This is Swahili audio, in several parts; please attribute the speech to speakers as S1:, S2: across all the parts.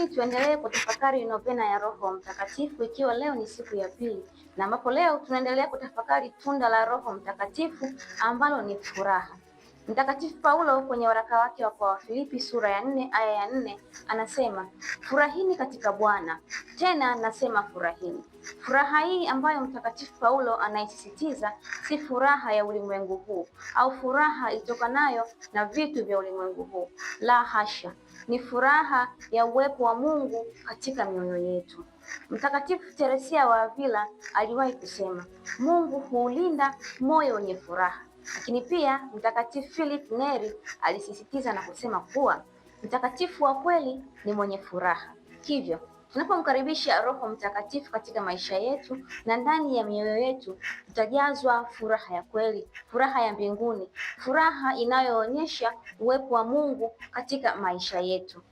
S1: Karibuni tuendelee kutafakari novena ya Roho Mtakatifu, ikiwa leo ni siku ya pili, na ambapo leo tunaendelea kutafakari tunda la Roho Mtakatifu ambalo ni furaha. Mtakatifu Paulo kwenye waraka wake wa kwa Wafilipi sura ya nne aya ya nne anasema, furahini katika Bwana. Tena nasema furahini. Furaha hii ambayo Mtakatifu Paulo anaisisitiza si furaha ya ulimwengu huu au furaha itokanayo na vitu vya ulimwengu huu. La hasha, ni furaha ya uwepo wa Mungu katika mioyo yetu. Mtakatifu Teresia wa Avila aliwahi kusema, Mungu huulinda moyo wenye furaha. Lakini pia Mtakatifu Philip Neri alisisitiza na kusema kuwa mtakatifu wa kweli ni mwenye furaha. Hivyo Tunapomkaribisha Roho Mtakatifu katika maisha yetu na ndani ya mioyo yetu, tutajazwa furaha ya kweli, furaha ya mbinguni, furaha inayoonyesha uwepo wa Mungu katika maisha yetu.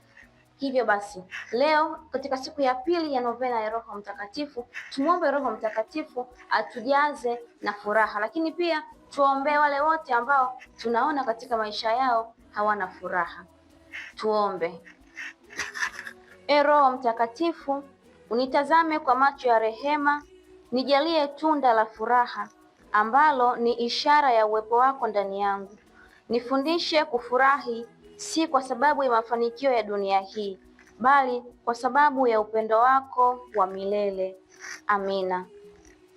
S1: Hivyo basi, leo katika siku ya pili ya novena ya Roho Mtakatifu, tumwombe Roho Mtakatifu atujaze na furaha, lakini pia tuombee wale wote ambao tunaona katika maisha yao hawana furaha. Tuombe. E Roho Mtakatifu, unitazame kwa macho ya rehema, nijalie tunda la furaha ambalo ni ishara ya uwepo wako ndani yangu. Nifundishe kufurahi si kwa sababu ya mafanikio ya dunia hii, bali kwa sababu ya upendo wako wa milele. Amina.